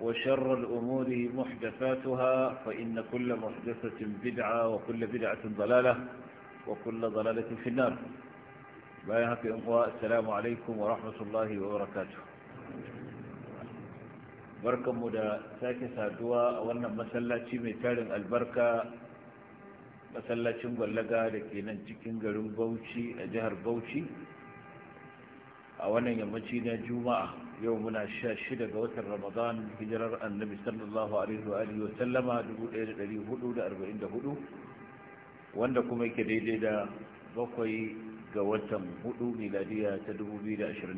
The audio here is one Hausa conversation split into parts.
وشر الأمور محدثاتها فإن كل محدثة بدعة وكل بدعة ضلالة وكل ضلالة في النار بايهك إخوة السلام عليكم ورحمة الله وبركاته بركة مدى ساكسة دواء وانا مسلاة مثال البركة مسلاة مغلقة لكي ننتكين قلوم بوشي أجهر بوشي a wannan yammaci na juma'a yau muna sha shida ga watan ramadan hijirar annabi sallallahu alaihi wa alihi wa sallama 1444 wanda kuma yake daidai da bakwai ga watan hudu miladiya ta 2023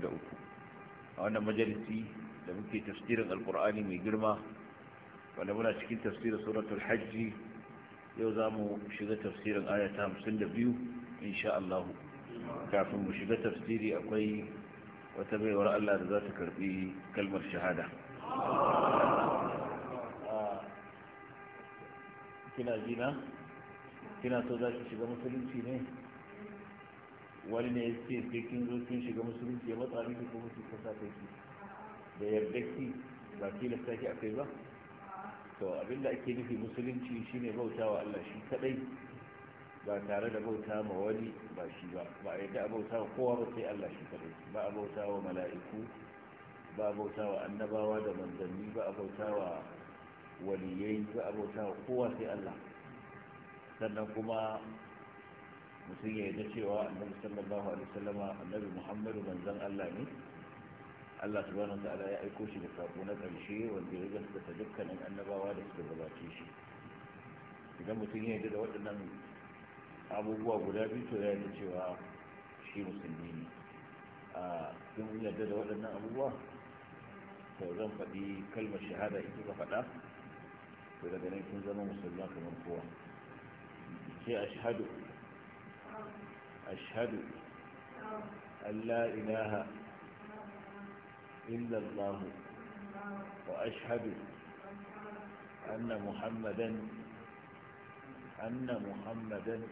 a wannan majalisi da muke tafsirin alkur'ani mai girma wanda muna cikin tafsirin suratul hajji yau za mu shiga tafsirin ayata 52 insha Allah kafin mu shiga tafsiri akwai wata baiwar Allah da za ta karbi kalmar shahada kina jina kina so za ki shiga musulunci ne wani ne ya ce sai kin zo kin shiga musulunci ya matsa miki ko mutu ko sa ki da yarda ki ba tilasta ki akai ba to abinda ake nufi musulunci shine bautawa Allah shi kadai ba tare da bauta ma wani ba shi ba ba a yadda abauta wa kowa ba sai Allah shi kadai ba abauta wa mala'iku ba abauta wa annabawa da manzanni ba abauta wa waliyai ba abauta wa kowa sai Allah sannan kuma mutum ya yadda cewa annabi sallallahu alaihi wasallama annabi muhammadu manzan Allah ne Allah subhanahu ta'ala ya aiko shi da sako na ƙarshe wanda ya gaskata dukkanin annabawa da suka gabace shi idan mutum ya yadda da waɗannan abubuwa guda biyu to ya yi cewa shi musulmi ne a kun yadda da waɗannan abubuwa to zan faɗi kalmar shahada ita ka faɗa to daga nan kun zama musulma kamar kowa ke ashadu ashadu Allah la ilaha illa allah wa ashadu anna muhammadan anna muhammadan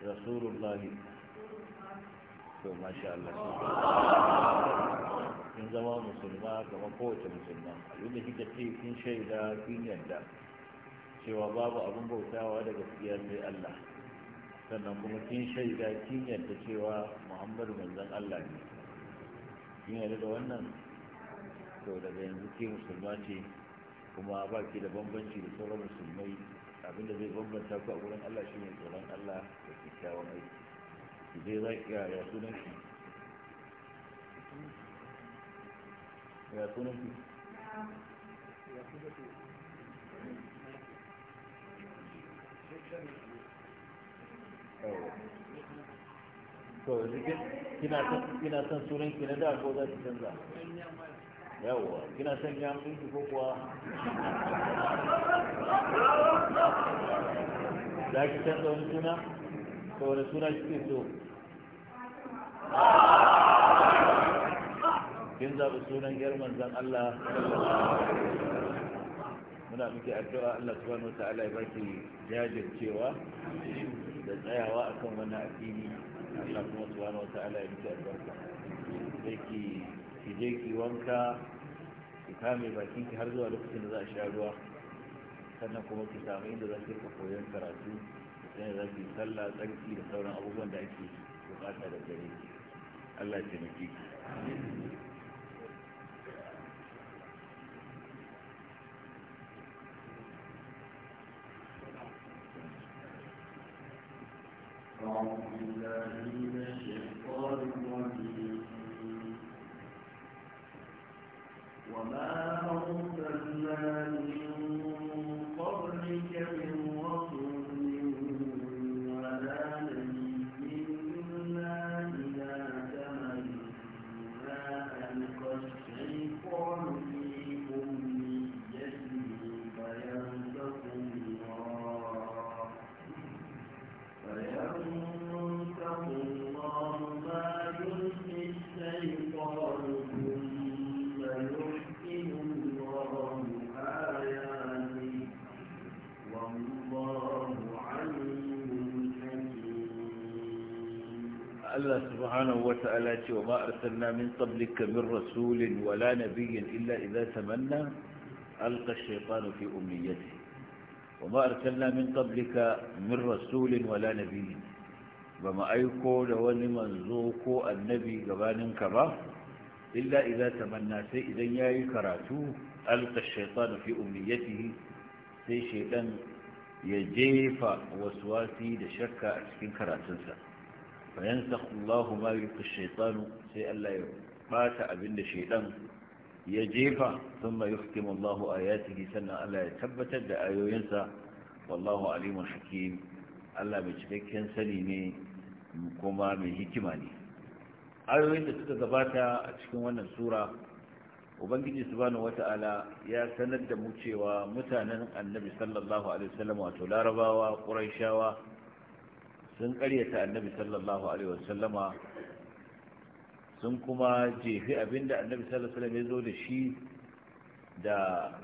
rasulullahi to masha Allah kin zama musulma kamar kowace musulma abinda kika ce kin shaida kin yadda. cewa babu abun bautawa daga gaskiya sai Allah sannan kuma kin shaida kin yadda cewa Muhammadu manzon Allah ne kin yadda da wannan to daga yanzu ke musulma ce kuma ba ki da bambanci da sauran musulmai abinda zai bambanta ku a gurin Allah shi ne tsoron Allah da kyakkyawan aiki ki zai za ki ya sunan ki ya sunan ki to kina son sunan ki na da ko za ki canza yawwa kina son ya mutunci ko kuwa za ki canza wani suna ko wani suna kike so kin zaɓi sunan yar zan Allah muna muke addu'a Allah subhanahu wa ta'ala ya baki jajircewa da tsayawa akan wannan addini Allah kuma subhanahu wa ta'ala ya miki albarka sai ki ki je ki wanka ki kame bakin ki har zuwa lokacin da za a sha ruwa sannan kuma ki samu inda za ki koyon karatu sai za ki sallah tsarki da sauran abubuwan da ake bukata da gare ki Allah ya taimake ki أعوذ بالله من الشيطان الرجيم وما أرسلنا من ta'ala ce wa ma arsalna min qablika min rasulin wala nabiyyin illa idza tamanna alqa ash-shaytanu fi umniyatihi wa ma arsalna min qablika min rasulin wala nabiyyin ba mu aiko da wani manzo ko annabi gabaninka ba illa idza tamanna sai idan yayi karatu alqa ash-shaytanu fi umniyatihi sai shaytan ya jefa waswasi da shakka a cikin karatunsa fa yansakhu Allahu ma yulqi shaytanu sai Allah ya bata abinda shaytan ya jefa thumma yuhkimu Allahu ayatihi sannan Allah ya tabbatar da ayoyinsa wallahu alimun hakim Allah mai cikakken sani ne kuma mai hikima ne ayoyin da suka gabata a cikin wannan sura ubangiji subhanahu wata'ala ya sanar da mu cewa mutanen annabi sallallahu alaihi wasallam wato larabawa quraishawa sun ƙaryata annabi sallallahu alaihi wasallama sun kuma jefi abinda annabi sallallahu alaihi wasallam ya zo da shi da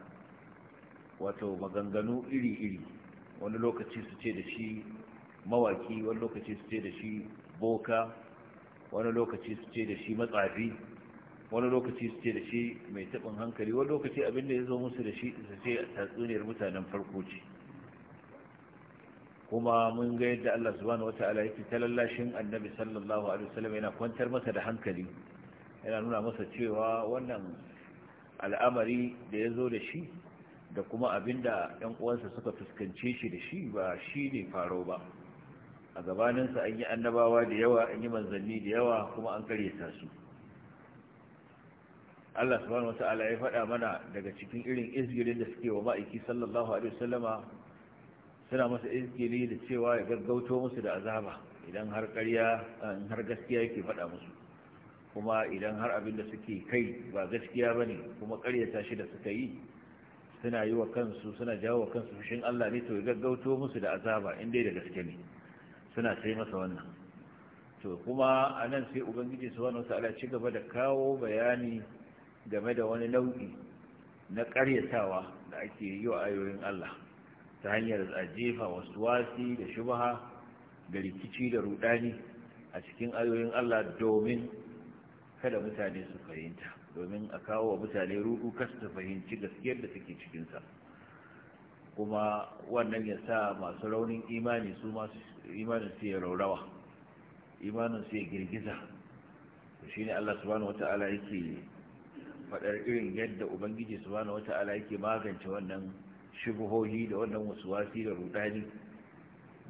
wato maganganu iri-iri wani lokaci su ce da shi mawaki wani lokaci su ce da shi boka wani lokaci su ce da shi matsafi wani lokaci su ce da shi mai taɓin hankali wani lokaci abinda ya zo musu da shi su ce tatsuniyar mutanen farko ce kuma mun ga yadda Allah subhanahu wata'ala yake ta annabi sallallahu alaihi wasallam yana kwantar masa da hankali yana nuna masa cewa wannan al'amari da ya zo da shi da kuma abinda ɗan uwansa suka fuskance shi da shi ba shi ne faro ba a gabaninsa an yi annabawa da yawa an yi manzanni da yawa kuma an karyata su Allah subhanahu wata'ala ya faɗa mana daga cikin irin izgirin da suke wa ma'aiki sallallahu alaihi wasallama suna masa izgiri da cewa ya gaggauto musu da azaba idan har ƙarya har gaskiya yake faɗa musu kuma idan har abin da suke kai ba gaskiya ba ne kuma ƙaryata shi da suka yi suna yi wa kansu suna jawo wa kansu fushin Allah ne to ya gaggauto musu da azaba in dai da gaske ne suna sai masa wannan to kuma a nan sai ubangiji subhanahu wataala ci gaba da kawo bayani game da wani nau'i na karyatawa da ake yi wa ayoyin Allah ta hanyar jefa wasi da shubha da rikici da rudani a cikin ayoyin Allah domin kada mutane su fahimta domin a kawo wa mutane rudu kas fahimci gaskiyar da take cikinsa kuma wannan ya sa masu raunin imani su masu imanin su ya raurawa imanin su ya girgiza shi ne Allah subhanahu wata'ala yake faɗar irin yadda ubangiji subhanahu wata'ala yake magance wannan shubuhohi da wannan wasu wasi da rudani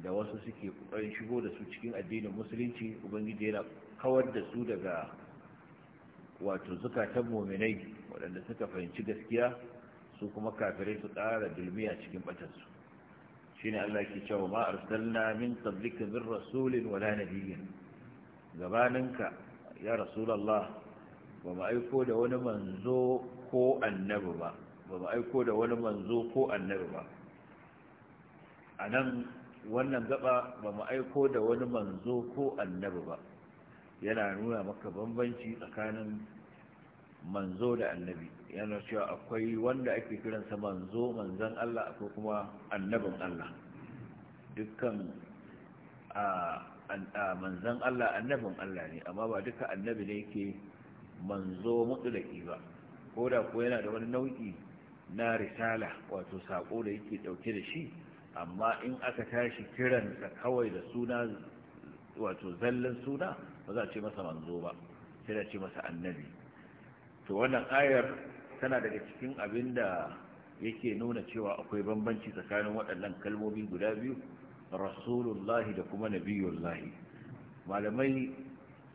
da wasu suke kokarin shigo da su cikin addinin musulunci ubangiji yana kawar da su daga wato zukatan muminai waɗanda suka fahimci gaskiya su kuma kafirai su ƙara dulmiya cikin batansu shine Allah ke cewa ma arsalna min qablika min rasulin wala nabiyyin gabaninka ya rasulullah ba mu aiko da wani manzo ko annabi ba ba mu aiko da wani manzo ko annabi ba a nan wannan gaba ba mu aiko da wani manzo ko annabi ba yana nuna maka bambanci tsakanin manzo da annabi yana cewa akwai wanda ake kiransa manzo manzan Allah ko kuma annabin Allah dukkan a manzan Allah annabin Allah ne amma ba duka annabi ne yake manzo mutulaki ba ko da ko yana da wani nau'i na risala wato saƙo da yake ɗauke da shi amma in aka tashi kiransa kawai da suna wato zallan suna ba za a ce masa manzo ba sai da ce masa annabi to wannan ayar tana daga cikin abin da yake nuna cewa akwai bambanci tsakanin waɗannan kalmomi guda biyu rasulullahi da kuma nabiyullahi malamai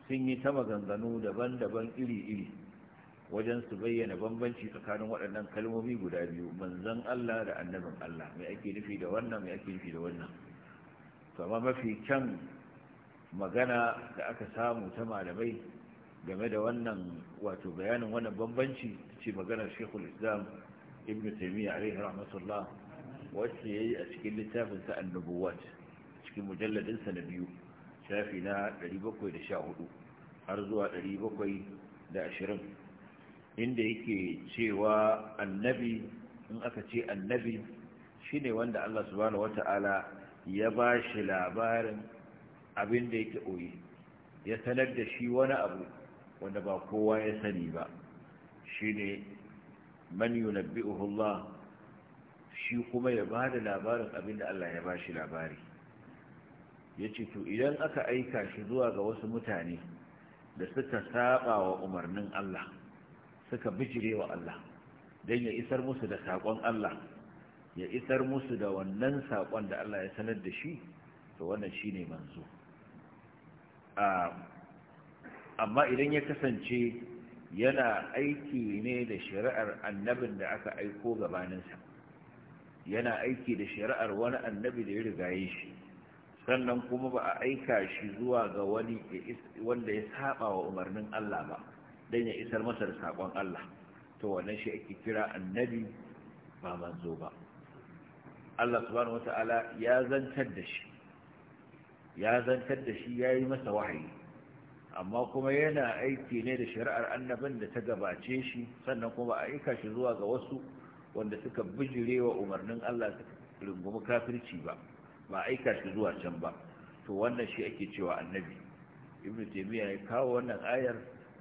sun yi ta maganganu daban-daban iri-iri wajen su bayyana bambanci tsakanin waɗannan kalmomi guda biyu manzon Allah da annabin Allah mai ake nufi da wannan mai ake nufi da wannan kama mafi can magana da aka samu ta malamai game da wannan wato bayanin wannan bambanci ce maganar shekul islam ibn taimiyya alaihi rahmatullah wacce ya yi a cikin littafinsa annubuwat cikin mujalladinsa na biyu shafi na 714 har zuwa 720 inda yake cewa annabi in aka ce annabi shine wanda Allah subhanahu wata'ala ya ba shi labarin abin da yake oyi ya sanar da shi wani abu wanda ba kowa ya sani ba shine man yunabbi'uhu Allah shi kuma ya ba da labarin abin da Allah ya ba shi labari ya ce to idan aka aika shi zuwa ga wasu mutane da suka saba wa umarnin Allah suka bijire wa Allah don ya isar musu da saƙon Allah ya isar musu da wannan saƙon da Allah ya sanar da shi to wannan shi ne manzo amma idan ya kasance yana aiki ne da shari'ar annabin da aka aiko gabaninsa yana aiki da shari'ar wani annabi da ya rigaye shi sannan kuma ba a aika shi zuwa ga wani wanda ya saba wa umarnin Allah ba don ya isar masa da saƙon Allah to wannan shi ake kira annabi ba manzo ba Allah subhanahu wata'ala ya zantar da shi ya zantar da shi ya yi masa wahayi amma kuma yana aiki ne da shari'ar annabin da ta gabace shi sannan kuma a aika shi zuwa ga wasu wanda suka bijire umarnin Allah suka rungumi kafirci ba ba aika shi zuwa can ba to wannan shi ake cewa annabi ibnu taymiya ya kawo wannan ayar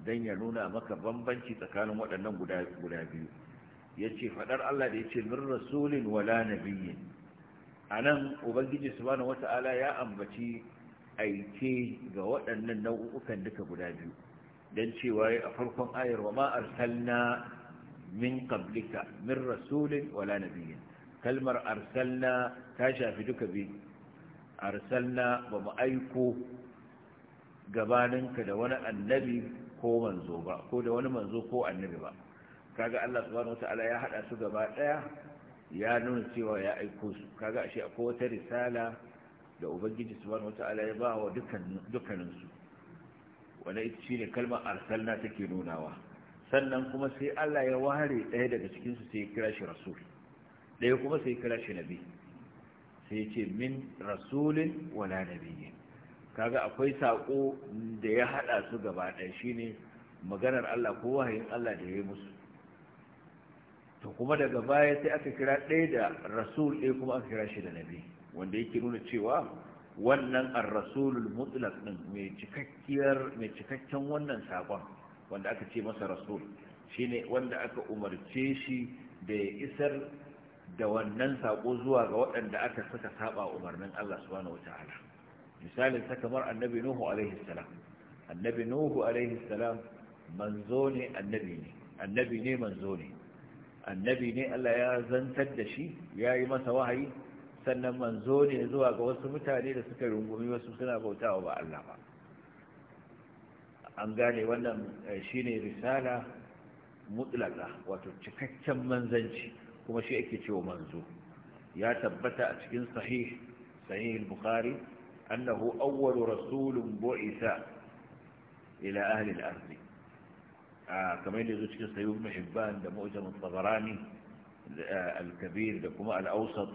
don ya nuna maka bambanci tsakanin waɗannan guda biyu ya ce faɗar Allah da ya ce min rasulin wala nabiyyin a nan ubangiji subhanahu wata'ala ya ambaci aike ga waɗannan nau'ukan duka guda biyu don cewa a farkon ayar wa ma arsalna min qablika min rasulin wala nabiyyin kalmar arsalna ta shafi duka biyu arsalna ba mu aiko gabaninka da wani annabi ko manzo ba ko da wani manzo ko annabi ba kaga Allah subhanahu wataala ya hada su gaba daya ya nuna cewa ya aiko su kaga ashe akwai wata risala da ubangiji subhanahu wataala ya ba wa dukkanin dukkanin su wanda ita shine kalmar arsalna take nunawa sannan kuma sai Allah ya ware ɗaya daga cikin su sai ya kira shi rasul ɗaya kuma sai ya kira shi nabi sai ya ce min rasulin wala nabiyyin kaga akwai saƙo da ya haɗa su gaba ɗaya shine maganar Allah ko wahayin Allah da ya yi musu to kuma daga baya sai aka kira ɗaya da rasul ɗaya kuma aka kira shi da nabi wanda yake nuna cewa wannan ar-rasulul mutlaq din mai cikakkiyar mai cikakken wannan sakon wanda aka ce masa rasul shine wanda aka umarce shi da ya isar da wannan sako zuwa ga waɗanda aka saka saba umarnin Allah subhanahu wataala misalin ta kamar annabi nuhu alaihi salam annabi nuhu alaihi salam manzo ne annabi ne annabi ne manzo ne annabi ne Allah ya zantar da shi ya yi masa wahayi sannan manzo ne zuwa ga wasu mutane da suka rungumi wasu suna bautawa ba Allah ba an gane wannan eh, shine risala mutlaka wato cikakken manzanci kuma shi ake cewa manzo ya tabbata a cikin sahih sahih bukhari أنه أول رسول بعث إلى أهل الأرض آه كما يلغي شكل سيوب بن حبان ده مؤجم الطبراني آه الكبير ده كما الأوسط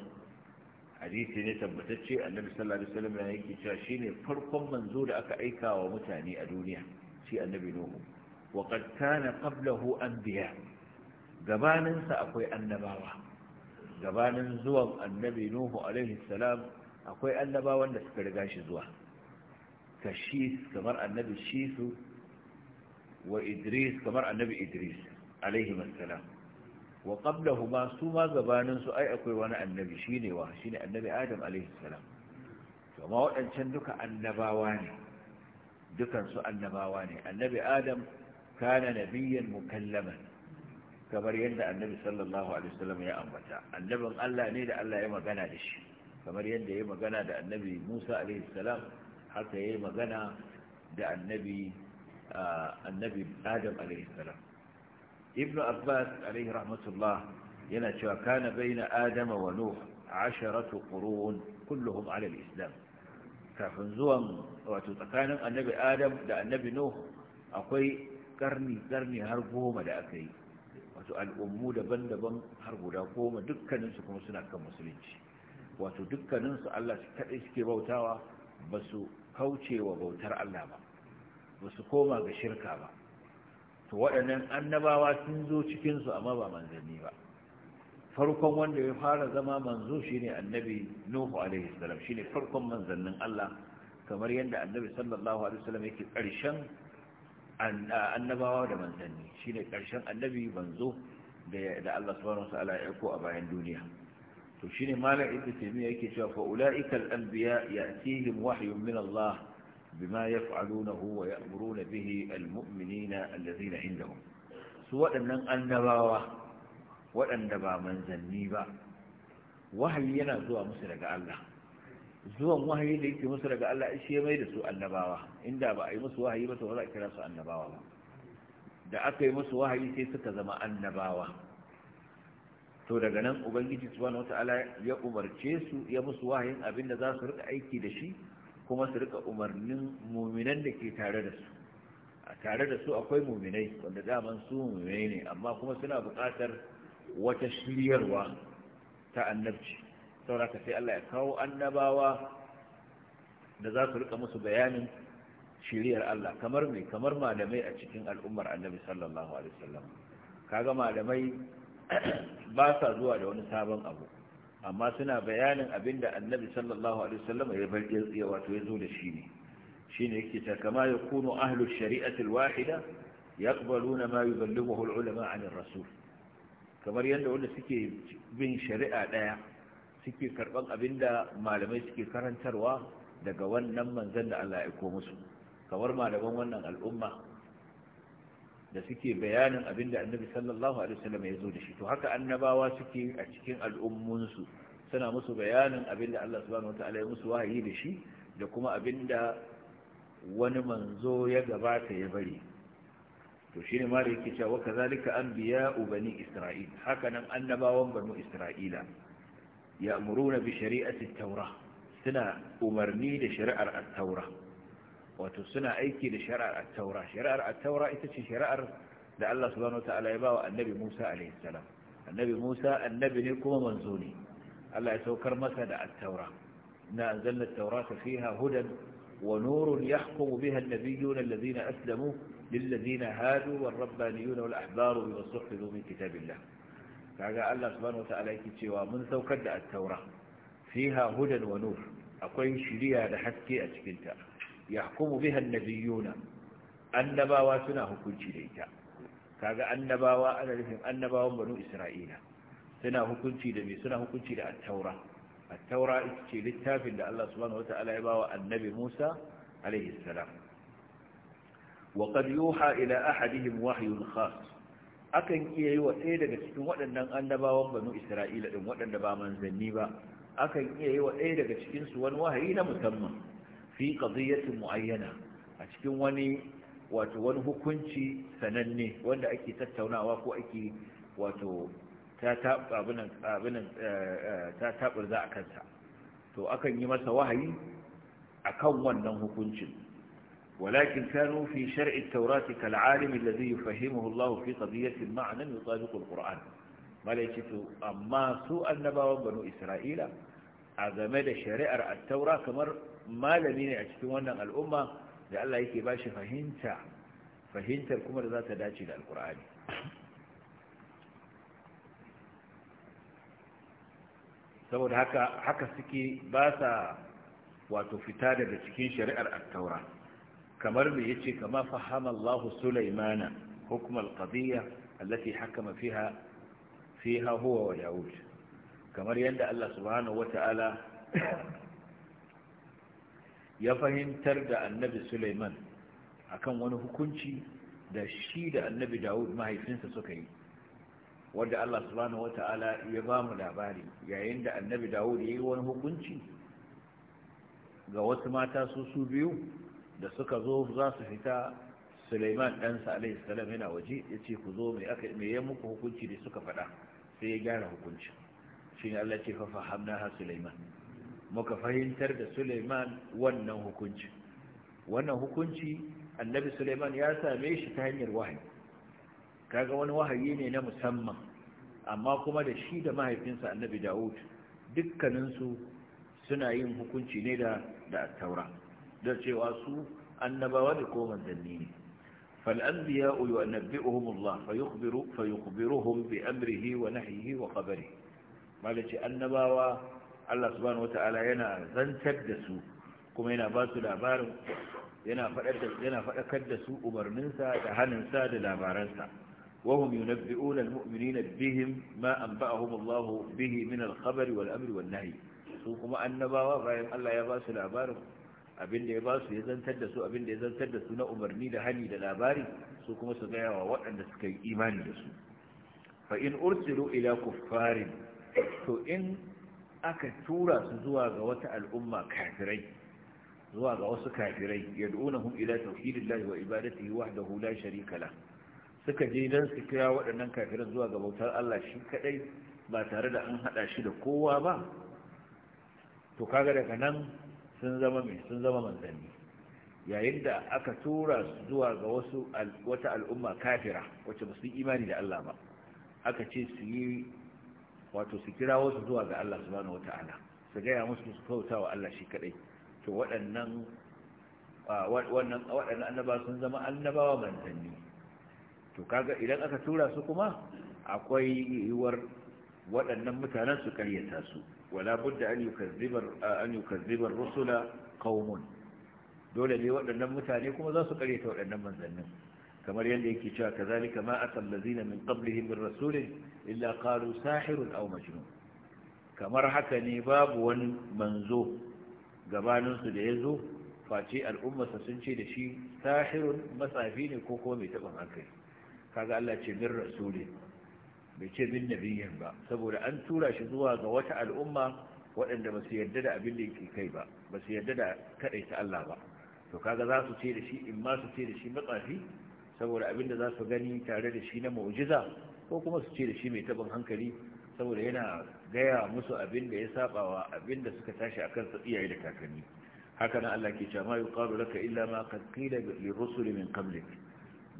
hadisi ne tabbatacce annabi sallallahu alaihi wasallam ya yake cewa shine farkon manzo da aka aika wa mutane a duniya shi annabi nuhu wa qad kana qablahu anbiya gabanin sa akwai annabawa gabanin zuwan annabi nuhu akwai annabawan da suka riga shi zuwa ka shi kamar annabi shisu wa idris kamar annabi idris alaihi masalam wa qablahuma su ma gabanin su ai akwai wani annabi shine wa shine annabi adam alaihi salam to amma waɗancan duka annabawa ne dukan su annabawa ne annabi adam kana nabiyyan mukallaman kamar yadda annabi sallallahu alaihi wasallam ya ambata annabin Allah ne da Allah ya magana da shi kamar yadda ya magana da annabi musa alaihissalam haka ya magana da annabi annabi adam alaihissalam ibn abbas alaihi rahmatullah yana cewa kana baina adama wa nuh asharatu qurun kulluhum ala islam kafin zuwan wato tsakanin annabi adam da annabi nuh akwai karni karni har goma da aka yi wato al'ummu daban-daban har guda goma dukkaninsu kuma suna kan musulunci wato dukkaninsu Allah kaɗai suke bautawa ba su kauce wa bautar Allah ba ba su koma ga shirka ba to waɗannan annabawa sun zo cikinsu amma ba manzanni ba farkon wanda ya fara zama manzo ne annabi nuhu alaihi salam shine farkon manzannin Allah kamar yadda annabi sallallahu alaihi wasallam yake ƙarshen annabawa da manzanni shine ƙarshen annabi manzo da Allah subhanahu wa ta'ala ya aiko a bayan duniya to shine malam ibnu taymiya yake cewa fa ulaika al-anbiya ya'tihim wahyun min Allah bima yaf'alunahu wa ya'muruna bihi al-mu'minina alladhina indahum su waɗannan annabawa waɗanda ba manzanni ba wahayi yana zuwa musu daga Allah zuwan wahayi da yake musu daga Allah shi ya mai da su annabawa inda ba a yi musu wahayi ba to ba za a kira su annabawa ba da aka yi musu wahayi sai suka zama annabawa to daga nan ubangiji subhanahu wataala ya umarce su ya musu wahayin abin da za su rika aiki da shi kuma su rika umarnin muminan da ke tare da su a tare da su akwai muminai wanda daman su muminai ne amma kuma suna buƙatar wata shiryarwa ta annabci ka sai Allah ya kawo annabawa da za su rika musu bayanin shiriyar Allah kamar mai kamar malamai a cikin al'ummar annabi sallallahu alaihi wasallam kaga malamai ba sa zuwa da wani sabon abu amma suna bayanin abin da annabi sallallahu alaihi wasallam ya bar ya wato ya zo da shi ne Shi ne yake ta kama ya kunu ahlu shari'ati alwahida yaqbaluna ma yuballighuhu alulama an rasul kamar yadda wanda suke bin shari'a daya suke karban abinda malamai suke karantarwa daga wannan manzon da Allah ya aiko musu kamar malaman wannan al'umma da suke bayanin abin da annabi sallallahu alaihi wasallam ya zo da shi to haka annabawa suke a cikin al'ummunsu suna musu bayanin abin da Allah subhanahu wataala ya musu wahayi da shi da kuma abin da wani manzo ya gabata ya bari to shi ne mara yake cewa kazalika anbiya'u bani isra'il haka nan annabawan banu isra'ila ya'muruna bi shari'ati taura suna umarni da shari'ar at-taura wato suna aiki da shari'ar at-taura shari'ar at-taura ita ce shari'ar da Allah subhanahu wataala ya bawa annabi Musa alaihi salam annabi Musa annabi ne kuma manzo ne Allah ya saukar masa da at-taura na anzalna at-taurata fiha hudan wa nurun yahkumu biha an-nabiyyuna alladhina aslamu hadu هادوا والربانيون والأحبار ahbaru استحفظوا من كتاب الله kaga Allah subhanahu wataala yake cewa mun saukar da at-taura fiha hudan wa nur akwai shiriya da haske a cikin ta yahkumu biha annabiyuna annabawa suna hukunci da ita kaga annabawa ana nufin annabawan banu isra'ila suna hukunci da me suna hukunci da at-taura at-taura ita ce littafin da Allah subhanahu wataala ya bawa annabi Musa alaihi salam wa qad yuha ila ahadihim wahyun khas akan iya yi wa ɗaya daga cikin waɗannan annabawan banu isra'ila din waɗanda ba manzanni ba akan iya yi wa ɗaya daga cikin su wani wahayi na musamman fi qadiyatin muayyana a cikin wani wani hukunci sananne wanda ake tattaunawa ko ake wato ta eh, eh, za a kansa to akan yi masa wahayi a kan wannan hukuncin walakin kanu nufi shar'i taurati kal'alimin da zai fahimahu Allah fi qadiyatin ma'anan ya tsabi ƙulƙur'an malaiki to amma su annabawan banu isra'ila a game da shari'ar attaura kamar malami ne a cikin wannan al'umma da Allah yake ba shi fahimta fahimtar kuma da za ta dace da alkur'ani saboda haka haka suke ba sa wato fita daga cikin shari'ar attaura kamar da yace kama fahama Allah Sulaimana hukm al-qadiyya allati hakama fiha fiha huwa wa Daud kamar yadda Allah subhanahu wata'ala ya fahimtar da annabi Sulaiman akan wani hukunci da shi da annabi Dawud mahaifinsa suka yi wanda Allah subhanahu ta'ala ya ba mu labari yayin da annabi Dawud ya yi wani hukunci ga wasu mata su su biyu da suka zo za su fita Suleiman ɗansa alaihi yana waje ya ce ku zo mai ya muku hukunci da suka faɗa sai ya gyara hukuncin shi ne Allah ce fafa hamna ha Suleiman? muka fahimtar da Suleiman wannan hukunci wannan hukunci annabi Suleiman ya same shi ta hanyar wahayi kaga wani wahayi ne na musamman amma kuma da shi da mahaifinsa annabi Dawud dukkaninsu suna yin hukunci ne da da taura da cewa su annabawa da ko manzanni ne فالأنبياء ينبئهم الله فيخبر فيخبرهم بأمره ونهيه wa ƙabari. لك Annabawa. Allah subhanahu wata'ala yana zantar da su kuma yana ba su labarin yana faɗakar da su umarninsa da haninsa da labaransa وهم ينبئون المؤمنين بهم ما أنبأهم الله به من الخبر والأمر والنهي سوكما النباوة فهم الله يباس العبار abin da ya ba su ya zantar da su abin da ya zantar da su na umarni da hani da labari su kuma su gaya wa waɗanda suka yi imani da su fa in ursilu ila kuffarin to in aka tura su zuwa ga wata al'umma kafirai zuwa ga wasu kafirai yad'unahum ila tauhidillahi wa ibadatihi wahdahu la sharika la suka je dan su kira waɗannan kafiran zuwa ga bautar Allah shi kadai ba tare da an haɗa shi da kowa ba to kaga daga nan sun zama mai sun zama manzanni yayin da aka tura su zuwa ga wasu wata al'umma kafira wacce ba su yi imani da Allah ba aka ce su yi wato su kira wasu zuwa ga Allah subhanahu wata'ala su gaya musu su kauta wa Allah shi kadai to waɗannan waɗannan annaba sun zama annabawa manzanni to kaga idan aka tura su kuma akwai yiwuwar waɗannan mutanen su karyata su wala budda an yukazzibar an yukazzibar rusula qaumun dole ne waɗannan mutane kuma za su karyata waɗannan manzannin kamar yadda yake cewa kama ma asal lazina min qablihim min rasuli illa qalu sahirun aw majnun kamar haka ne babu wani manzo gabaninsu da ya zo face al'ummarsa sun ce da shi sahirun matsafi ne ko kuma mai taɓin hankali kaga Allah ce min rasuli bai ce min nabiyin ba saboda an tura shi zuwa ga wata al'umma waɗanda ba su yarda da abin da yake kai ba ba su yarda da kaɗai ta Allah ba to kaga za su ce da shi in ma su ce da shi matsafi saboda abinda za su gani tare da shi na mu'jiza ko kuma su ce da shi mai tabin hankali saboda yana gaya musu abinda ya saba wa abinda suka tashi a kansa iyaye da kakanni haka nan Allah ke cewa ma yuqalu laka illa ma qad qila lirrusuli min qablik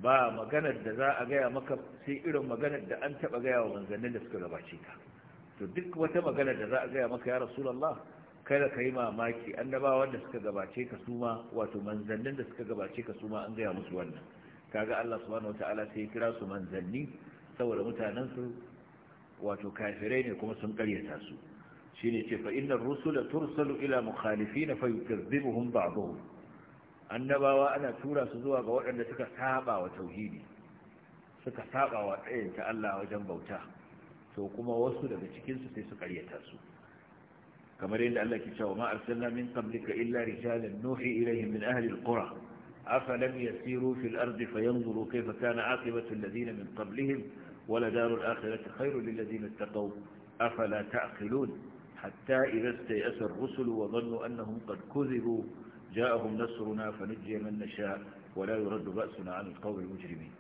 ba maganar da za a gaya maka sai irin maganar da an taba gaya wa manzannin da suka gabace ka to duk wata maganar da za a gaya maka ya rasulullah kada ka yi mamaki annabawa da suka gabace ka suma wato manzannin da suka gabace ka suma an gaya musu wannan kaga Allah subhanahu wataala sai ya kira su manzanni saboda mutanensu wato kafirai ne kuma sun karyata su shine ce fa innar rusula tursalu ila mukhalifina fayukazzibuhum ba'dhum annabawa ana tura su zuwa ga waɗanda suka saba wa tauhidi suka saba wa tsayin ta Allah wajen bauta to kuma wasu daga cikin su sai su karyata su kamar yadda Allah ke cewa ma arsalna min qablika illa rijalan nuhi ilaihim min ahli alqura أفلم يسيروا في الأرض فينظروا كيف كان عاقبة الذين من قبلهم ولدار الآخرة خير للذين اتقوا أفلا تعقلون حتى إذا استيأس الرسل وظنوا أنهم قد كذبوا جاءهم نصرنا فنجي من نشاء ولا يرد بأسنا عن القوم المجرمين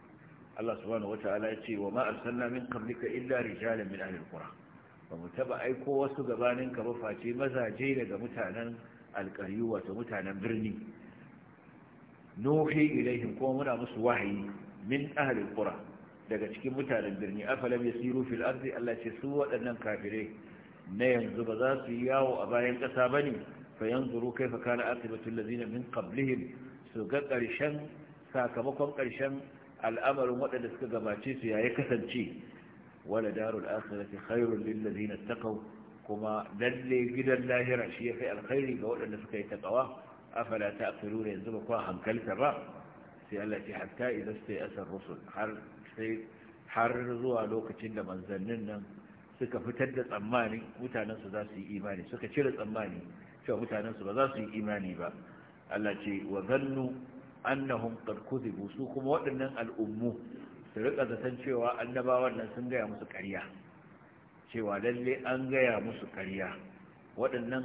الله سبحانه وتعالى يتي وما أرسلنا من قبلك إلا رجالا من أهل القرى ومتبع أيكو وسقبانك رفاتي مزاجين متعنا الكريوة متعنا برني nuhi ilaihim kuma muna musu wahayi min ahlil kura daga cikin mutanen birni afalam yasiru fil ardi Allah ce su waɗannan kafirai na yanzu ba za su yi yawo a bayan ƙasa ne? fa yanzuru kaifa asibitin aqibatu allazina min qablihim su ga ƙarshen sakamakon ƙarshen al'amarin waɗanda suka gabace su yayi kasance wala darul akhirati khairul lil ladina taqaw kuma lalle gidan lahira shi ya kai alkhairi ga waɗanda suka yi taqawa afala ta afiru yanzu ba kwa hankalta ba sai Allah ce hatta idan sai asar rusul sai har zuwa lokacin da manzannin nan suka fitar da tsammani mutanen su za su yi imani suka cire tsammani cewa mutanen su ba za su yi imani ba Allah ce wa zannu annahum qad kuzibu su kuma waɗannan al'ummu su rika zaton cewa annabawan nan sun gaya musu ƙarya cewa lalle an gaya musu ƙarya waɗannan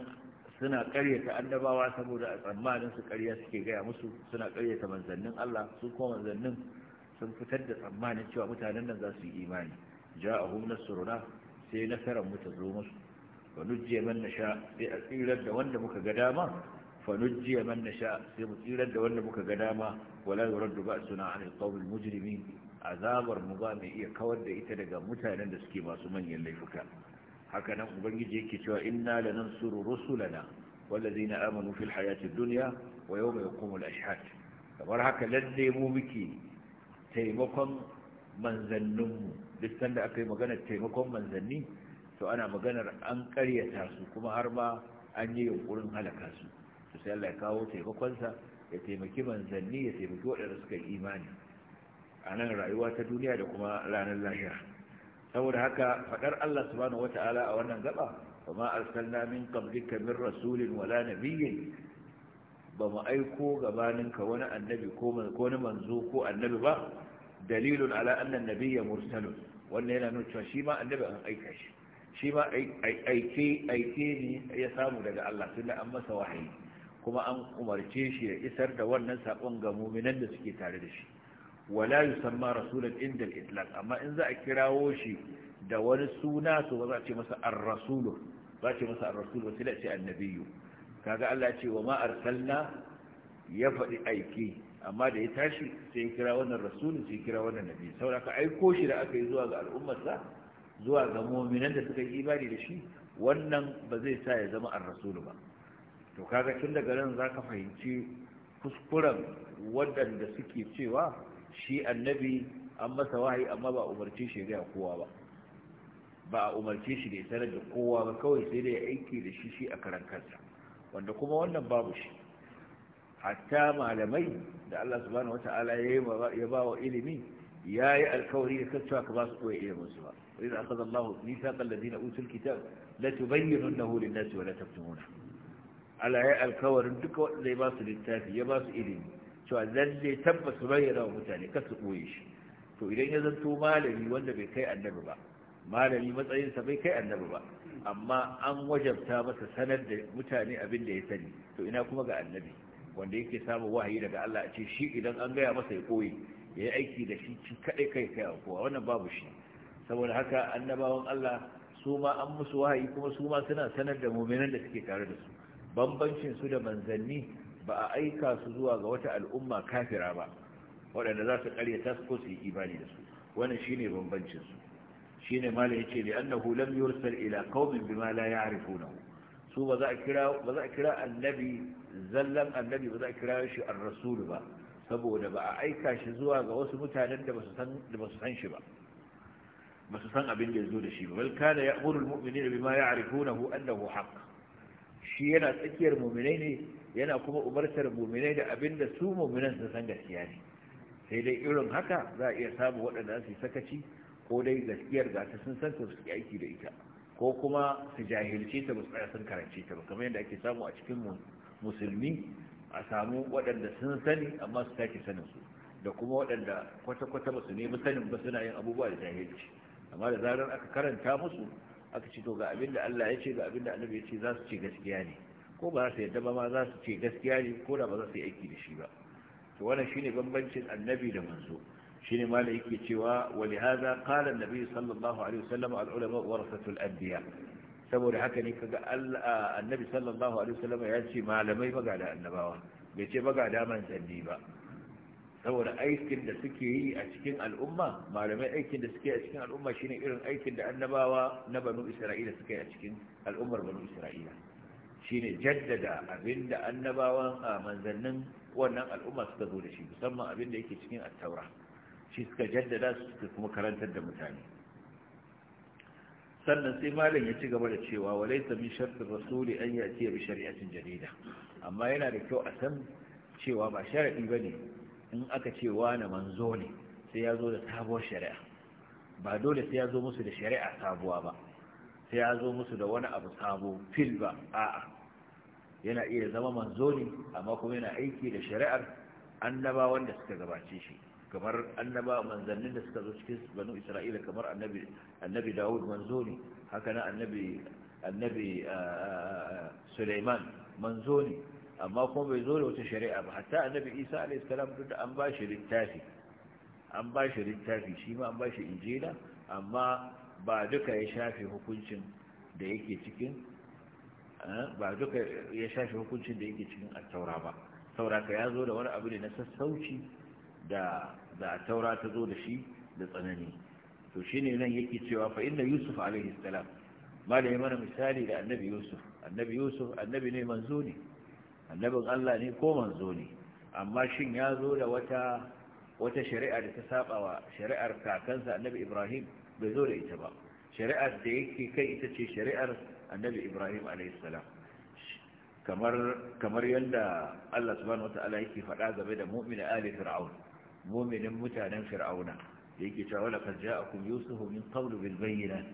suna karyata annabawa saboda a tsammanin su karya suke gaya musu suna karyata manzannin Allah su kuma manzannin sun fitar da tsammanin cewa mutanen nan za su yi imani Ja a hum nasruna sai nasaran mu ta zo musu fa nujjiya man nasha sai a tsirar da wanda muka ga dama fa nujjiya man nasha sai mu tsirar da wanda muka ga dama wala yuraddu ba'suna 'ala al-qawmi mujrimin azabar mu ba mai iya kawar da ita daga mutanen da suke masu manyan laifuka haka nan ubangiji yake cewa inna lanansuru rusulana wallazina amanu fil hayati dunya wa yawma al ashhad kamar haka lalle mu muke taimakon mu duk sanda aka yi maganar taimakon manzanni to ana maganar an karyata su kuma har ma an yi yunkurin halaka su to sai Allah ya kawo taimakon taimakonsa ya taimaki manzanni ya taimaki waɗanda suka yi imani a nan rayuwa ta duniya da kuma ranar lahira saboda haka fadar Allah subhanahu wata'ala a wannan gaba fa ma arsalna min qablika min rasulin wala nabiyyin ba mu aiko gabaninka wani annabi ko wani manzo ko annabi ba dalilun ala annan nabiyya mursalun wannan yana nuna cewa shi ma annabi an aika shi shi ma aike aike ne ya samu daga Allah tunda an masa wahayi kuma an umarce shi ya isar da wannan sakon ga mu'minan da suke tare da shi wala yusamma rasulan inda al-itlaq amma in za a kirawo shi da wani suna to ba za a ce masa ar-rasul ba a ce masa ar-rasul ba da ce annabiyyu kaga Allah ya ce wa ma arsalna ya faɗi aiki amma da ya tashi sai ya kira wannan rasulun sai ya kira wannan nabi saboda ka aiko shi da aka yi zuwa ga al'ummarsa zuwa ga mu'minan da suka yi imani da shi wannan ba zai sa ya zama ar rasulu ba to kaga tun daga nan zaka fahimci kuskuren waɗanda suke cewa shi annabi an masa wahayi amma ba umarce shi ga kowa ba ba a umarce shi da ya sanar da kowa ba kawai sai da ya aiki da shi shi a karan kansa wanda kuma wannan babu shi hatta malamai da Allah subhanahu wata'ala ya ba wa ilimi ya yi alkawari da kaccewa ka ba su koya ilimin su ba idan aka zan lahu nisa kallazi na usul kitab la tubayyinun na lin nasi wa la tabtumuna Allah ya alkawarin duka wanda ya ba su littafi ya ba su ilimi cewa lalle tabbas bayyana wa mutane kar su ɓoye shi to idan ya zanto malami wanda bai kai annabi ba malami matsayinsa bai kai annabi ba amma an wajabta masa sanar da mutane abin da ya sani to ina kuma ga annabi wanda yake samun wahayi daga Allah a ce shi idan an gaya masa ya koyi ya yi aiki da shi ci kaɗai kai kai a kowa wannan babu shi saboda haka annabawan Allah su ma an musu wahayi kuma su ma suna sanar da muminan da suke tare da su bambancin su da manzanni ba a aika su zuwa ga wata al'umma kafira ba waɗanda za su ƙaryata ta su yi imani da su wannan shine bambancin su shine mala ce li annahu lam yursal ila qaumin bima la ya'rifunahu su ba za a kira ba za a kira annabi zallan annabi ba za a kira shi ar-rasul ba saboda ba a aika shi zuwa ga wasu mutanen da ba su san shi ba ba su san abin da ya zo da shi ba bal kana ya'muru al-mu'minina bima ya'rifunahu annahu haqq shi yana tsakiyar mu'minai ne yana kuma umartar muminai da abin da su muminan su san gaskiya ne sai dai irin haka za a iya samu waɗanda su sakaci ko dai gaskiyar gasa sun san su aiki da ita ko kuma su jahilce ta ba su tsaya sun karance ta ba kamar yadda ake samu a cikin musulmi a samu waɗanda sun sani amma su sake sanin su da kuma waɗanda kwata-kwata ba su nemi sanin ba suna yin abubuwa da jahilci amma da zarar aka karanta musu aka ci to ga abin da Allah ya ce ga abin da Annabi ya ce za su ce gaskiya ne ko ba za su yadda ba ma za su ce gaskiya ne ko da ba za su yi aiki da shi ba to wannan shine bambancin annabi da manzo shine malai yake cewa wa li hadha qala annabi sallallahu alaihi wasallam al ulama warasatul anbiya saboda haka ne kaga annabi sallallahu alaihi wasallam ya ce malamai ba ga da annabawa bai ce magada manzanni ba saboda aikin da suke yi a cikin al'umma malamai aikin da suke a cikin al'umma shine irin aikin da annabawa na banu isra'ila suke yi a cikin al'ummar banu isra'ila ne jaddada abinda annabawan a manzannin wannan al'umma suka zo da shi musamman abinda yake cikin attaura shi suka jaddada su suka kuma karantar da mutane sannan sai malam ya ci gaba da cewa laisa min shartin rasuli an yati bi shari'atin jadida amma yana da kyau a san cewa ba ba ne in aka ce wani manzo ne sai ya zo da sabuwar shari'a ba dole sai ya zo musu da shari'a sabuwa ba sai ya zo musu da wani abu sabo fil ba a'a yana iya zama manzo ne amma kuma yana aiki da shari'ar annaba wanda suka gabace shi kamar annaba manzannin da suka zo cikin banu isra'ila kamar annabi annabi dawud manzo ne haka nan annabi annabi ah, ah, suleiman manzo ne amma kuma bai zo da wata shari'a ba hatta annabi isa alayhi salam duk da an shi littafi an bashi littafi shi ma an bashi injila amma ba duka ya shafe hukuncin da yake cikin Eh, ba duka ya shafi hukuncin da yake cikin attaura ba ka ya zo da wani abu ne na sassauci da attaura ta zo da shi da tsanani to shine nan yake cewa fa inna yusuf alaihi salam ma da mana misali da annabi yusuf annabi yusuf annabi ne manzo ne annabin allah ne ko manzo ne amma shin ya zo da wata wata shari'a da ta saba wa shari'ar kakansa annabi ibrahim bai zo da ita ba shari'ar da yake kai ita ce shari'ar annabi ibrahim alaihissalam kamar yadda allah subhanahu wata'ala yake faɗa game da mu'mina ali fir'aun mu'minin mutanen fir'auna yake cewa laqad ja'akum yusufu min qablu bil bayyinat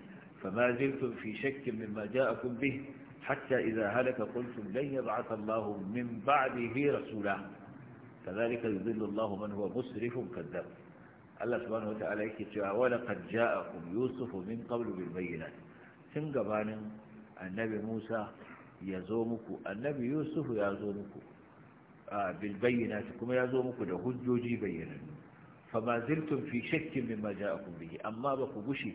fama zaltum fi shakkin mimma ja'akum bih hatta idza halaka qultum lan yab'ath Allahu min ba'dihi rasula كذلك يذل الله من هو مسرف كذاب الله سبحانه وتعالى yake cewa wala qad ja'akum yusuf min qablu bil bayyinat tun gabanin annabi musa ya zo muku annabi yusuf ya zo muku bilbayyanati kuma ya zo muku da hujjoji bayyanannu fama fi shakkin mimma ja'akum bihi amma ba ku gushe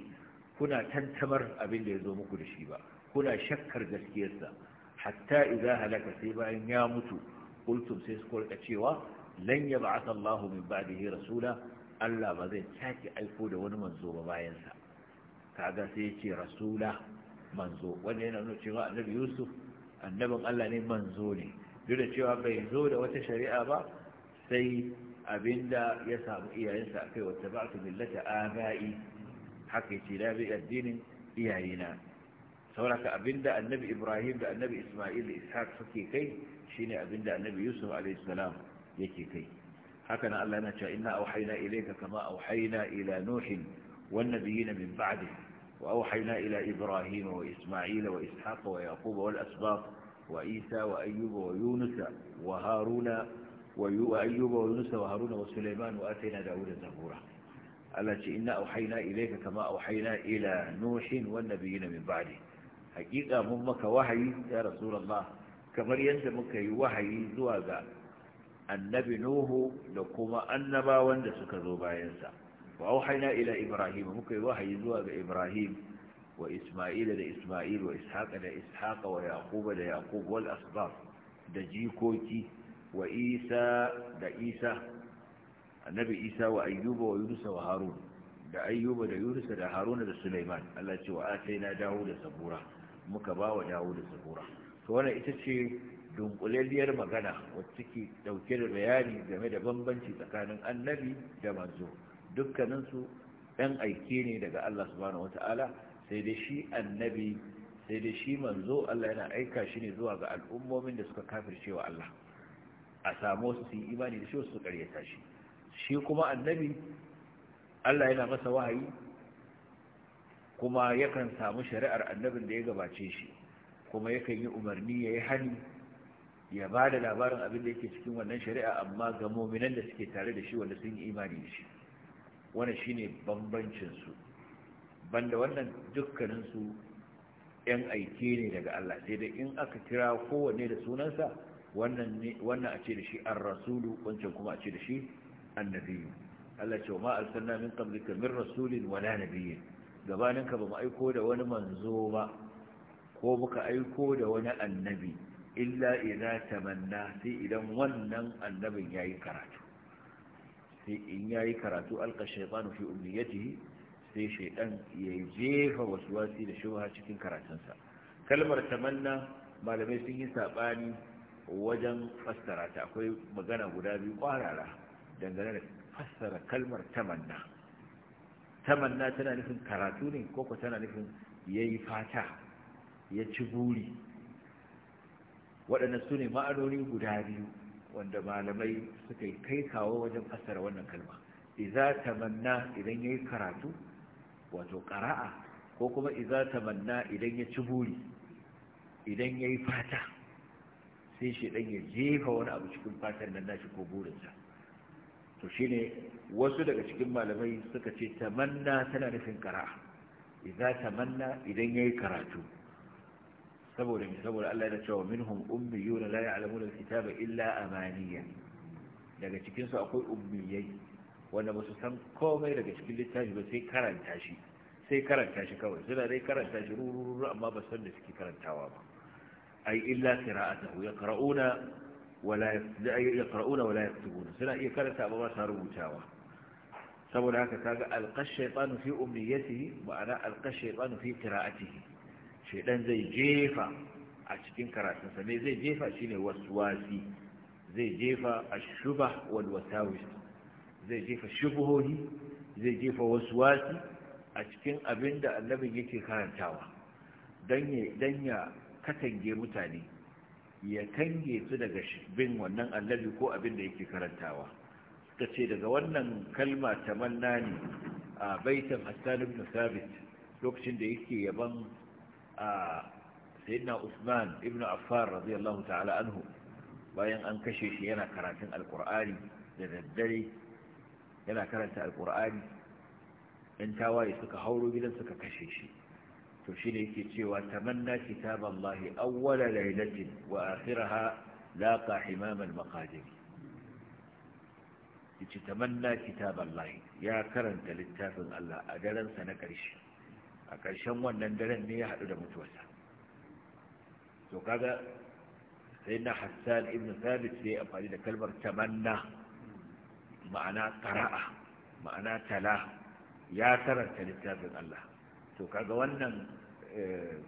kuna tantamar abin da ya zo muku da shi ba kuna shakkar gaskiyarsa hatta idza halaka sai bayan ya mutu qultum sai su kulka cewa lan yab'ath Allahu min ba'dihi rasula Allah ba zai sake aiko da wani manzo ba bayansa. kaga sai ya ce rasula manzo wanda yana nuna cewa annabi yusuf annabin allah ne manzo ne duk da cewa bai zo da wata shari'a ba sai abinda ya samu iyayensa a kai wata ba'atu millata aba'i haka ce da bi addinin iyayena sauraka abinda annabi ibrahim da annabi isma'il da ishaq suke kai shine abinda annabi yusuf alayhi salam yake kai haka nan Allah yana cewa inna auhayna ilayka kama auhayna ila nuhin wan nabiyina min ba'dihi وأوحينا إلى إبراهيم وإسماعيل وإسحاق ويعقوب والأسباط وعيسى وأيوب ويونس وهارون وأيوب ويونس وهارون وسليمان وآتينا داود زبورا التي إنا أوحينا إليك كما أوحينا إلى نوح والنبيين من بعده حقيقة ممك وحي يا رسول الله كما ينتمك وحي زواغا النبي نوح لكما أنما ذو سكذوا باينسا wa auhayna ila ibrahim muka yi wahayi zuwa ga ibrahim wa isma'ila da isma'il wa ishaqa da ishaqa wa yaquba da yaqub wal asbab da jikoki wa isa da isa annabi isa wa ayyuba wa yunus wa harun da ayyuba da yunus da harun da sulaiman Allah ce wa ataina dawo da sabura muka ba wa dawo da to ita ce dunkulalliyar magana wacce ke dauke da bayani game da bambanci tsakanin annabi da manzo dukkaninsu ɗan aike ne daga Allah subhanahu wata'ala sai da shi annabi sai da shi manzo Allah yana aika shi ne zuwa ga al'ummomin da suka kafirce wa Allah a samu su yi imani da shi su karyata shi shi kuma annabi Allah yana masa wahayi kuma yakan samu shari'ar annabin da ya gabace shi kuma yakan yi umarni ya yi hani ya ba da labarin abin da yake cikin wannan shari'a amma ga mominan da suke tare da shi wanda sun yi imani da shi wani shine bambancinsu banda wannan dukkaninsu yan aike ne daga Allah sai dai in aka kira kowanne da sunansa wannan a ce da shi an rasulu wancan kuma a ce da shi an annabiyu Allah ce ma arsalna min qablika min rasulin wala nabiyyin gabaninka ba mu aiko da wani manzo ba ko muka aiko da wani annabi illa idza tamanna sai idan wannan annabin ya yi karatu sai in ya yi karatu alqa shaytanu fi umniyatihi sai shaytan ya jefa waswasi da shubha cikin karatunsa kalmar tamanna malamai sun yi saɓani wajen fassara ta akwai magana guda biyu kwarara dangane da fassara kalmar tamanna tamanna tana nufin karatu ne koko tana nufin yayi fata ya ci buri waɗannan su ne ma'anoni guda biyu wanda malamai suka yi kai kawo wajen fassara wannan kalma iza tamanna idan yayi karatu wato ƙara'a, ko kuma iza tamanna idan ya ci buri idan yayi fata sai shi dan ya jefa wani abu cikin fatan nan nashi ko burinsa to shine wasu daga cikin malamai suka ce tamanna tana nufin ƙara'a, iza tamanna idan yayi karatu saboda me saboda Allah yana cewa minhum ummiyuna la ya'lamuna alkitaba illa amaniya daga cikin su akwai ummiyai wanda ba su san komai daga cikin littafi ba sai karanta shi sai karanta shi kawai suna dai karanta shi rururu amma ba san da suke karantawa ba ai illa qira'atuhu yaqra'una wala yaqra'una wala yaktubuna suna iya karanta amma ba sa rubutawa saboda haka kaga alqash shaytanu fi umniyatihi ma'ana alqash shaytanu fi qira'atihi shaidan zai jefa a cikin karatunsa ne zai jefa shi ne waswasi zai jefa ashubah wal wasawis zai jefa shubuhohi zai jefa waswasi a cikin abin da annabin yake karantawa Dan ya katange mutane ya kange su daga bin wannan annabi ko abin da yake karantawa ta ce daga wannan kalma tamanna ne a baitan hassan ibn sabit lokacin da yake yaban sayyidina Usman ibn Affan radiyallahu ta'ala anhu bayan an kashe shi yana karatun alkur'ani da daddare yana karanta alkur'ani yan tawaye suka hauro gidan suka kashe shi to shi ne yake cewa tamanna kitaballahi awwala lailatin wa akhiraha laqa himamal maqadir yace tamanna kitaballahi ya karanta littafin Allah a daren sa na karshe a ƙarshen wannan daren ne ya haɗu da mutuwarsa to kaga sai na hassan ibn thabit sai amfani da kalmar tamanna ma'ana ƙara'a, ma'ana tala ya karanta littafin Allah to kaga wannan eh,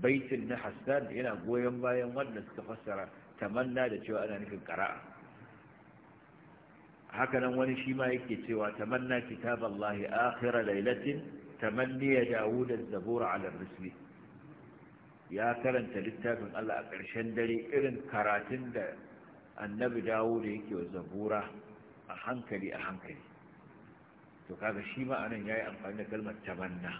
baitin na hassan yana goyon bayan wanda suka fassara tamanna da cewa ana nufin ƙara'a. hakanan wani shi ma yake cewa tamanna kitaballahi akhira lailatin tamanniya dawo da zabur ala ar-rusli ya karanta littafin Allah a ƙarshen dare irin karatun da annabi dawo yake wa zabura a hankali a hankali to kaga shi ma anan yayi amfani da kalmar tamanna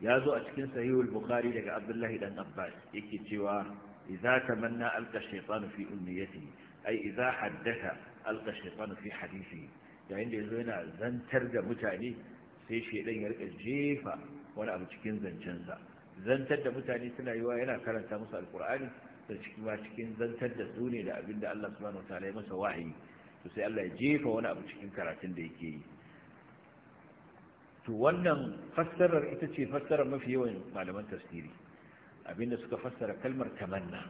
ya zo a cikin sahihul bukhari daga abdullahi dan abbas yake cewa idza tamanna alqa shaytanu fi umniyatihi ai idza haddatha alqa shaytanu fi hadithihi yayin da yazo yana zantar da mutane sai shaidan ya rika jefa wani abu cikin zancensa zantar da mutane suna yiwa yana karanta musu alkur'ani da cikin ma cikin zantar da su ne da abin da Allah subhanahu wataala ya masa wahayi to sai Allah ya jefa wani abu cikin karatun da yake yi to wannan fassarar ita ce fassarar mafi yawan malaman tasiri. abinda suka fassara kalmar tamanna